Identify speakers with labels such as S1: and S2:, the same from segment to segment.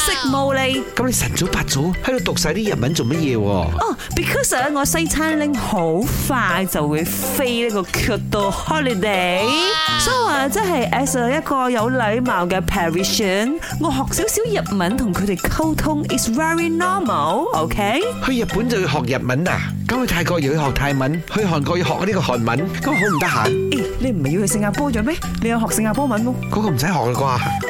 S1: 識冇你，
S2: 咁你晨早八早喺度讀晒啲日文做乜嘢？哦、
S1: oh,，because 啊、uh,，我西餐拎好快就會飛呢個 Q 度 holiday，所以話真係 as 一個有禮貌嘅 Parisian 我學少少日文同佢哋溝通，is very normal，OK？、Okay? 去日本
S2: 就要學日文啊，咁去泰國又要學泰文，去韓國要學呢個韓文，咁好唔得閒？你唔係要去新加坡咗咩？你有學新加坡文冇？嗰個唔使學啦啩。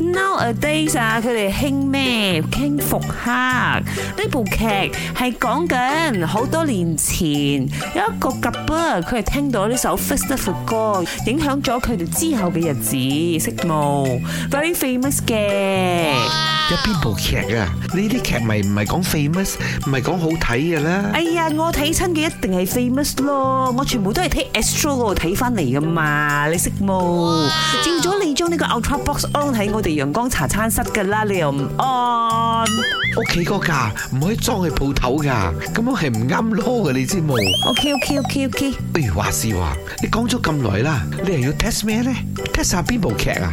S1: Nowadays 啊，佢哋興咩？興復刻。呢部劇係講緊好多年前，有一個吉卜，佢係聽到呢首《First Love》歌，影響咗佢哋之後嘅日子，識冇？Very famous 嘅。一
S2: 邊部劇啊？呢啲劇咪唔係講 famous，唔係講好睇嘅啦。
S1: 哎呀，我睇親嘅一定係 famous 咯，我全部都係睇 Astro 嗰度睇翻嚟噶嘛，你識冇？照咗哇你將呢個 Ultra Box on 喺我哋陽光茶餐室噶啦，你又唔 on？屋企嗰架，唔可以裝喺鋪頭噶，咁樣係唔啱咯
S2: 嘅，你知冇？OK OK OK OK, okay。哎。不如話時話，你講咗咁耐啦，你又要 test 咩咧？test 下邊部劇啊？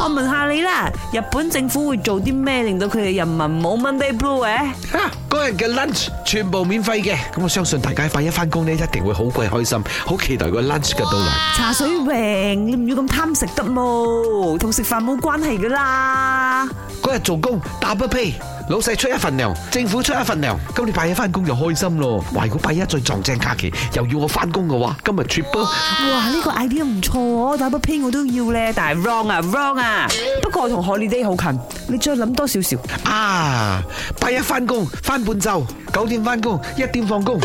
S1: 我問下你啦，日本政府會做啲咩令到佢哋人民冇 Monday Blue 誒、啊？吓，嗰日嘅 lunch
S2: 全部免費嘅，咁我相信大家快一翻工咧，一定會好鬼開心，好期待個 lunch 嘅到
S1: 嚟。哇 茶水榮，你唔要咁貪食得冇，同食飯冇關係噶啦。嗰日做工打不屁。
S2: 老細出一份糧，
S1: 政府出一份糧，今日拜一
S2: 翻工就開心咯。哇！如果拜一再撞正假期，又要我翻工嘅話，今日 trip 波。哇！
S1: 呢個 idea 唔錯，打不偏我都要咧。但係 wrong 啊，wrong 啊。不過我同 holiday 好近，你再諗多少少。啊！拜一翻工翻半晝，九點翻工，一點放工。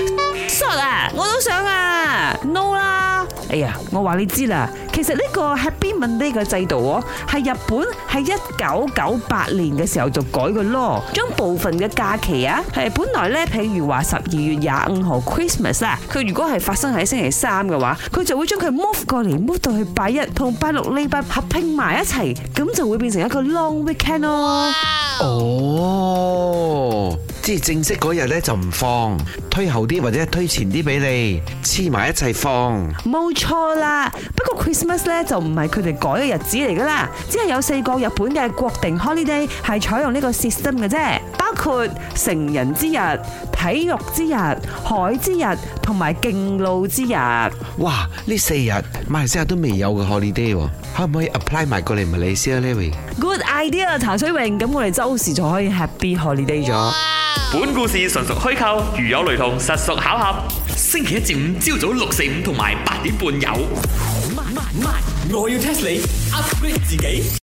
S1: 傻啦！哎呀，我話你知啦，其實呢個 Happy Monday 嘅制度哦，係日本喺一九九八年嘅時候就改嘅咯，將部分嘅假期啊，係本來呢，譬如話十二月廿五號 Christmas 啊，佢如果係發生喺星期三嘅話，佢就會將佢 move 過嚟，move 到去拜一同拜六禮拜合拼埋一齊，咁就會變成一個 long weekend 咯。
S2: 哦。Wow. Oh. 即係正式嗰日咧，就唔放，推後啲或者推前啲俾你黐埋一齊放，
S1: 冇錯啦。不過 Christmas 咧就唔係佢哋改嘅日子嚟噶啦，只係有四個日本嘅國定 holiday 係採用呢個 system 嘅啫，包括成人之日、體育之日、海之日同埋敬老之日。哇！呢四日
S2: 馬來西亞都未有嘅 holiday，可唔可以 apply 埋過嚟馬來西亞咧
S1: ？Good idea，茶水榮，咁我哋周四就可以 Happy Holiday 咗。
S2: 本故事純屬虛構，如有雷同，實屬巧合。星期一至五朝早六四五同埋八點半有。我要 test 你 upgrade 自己。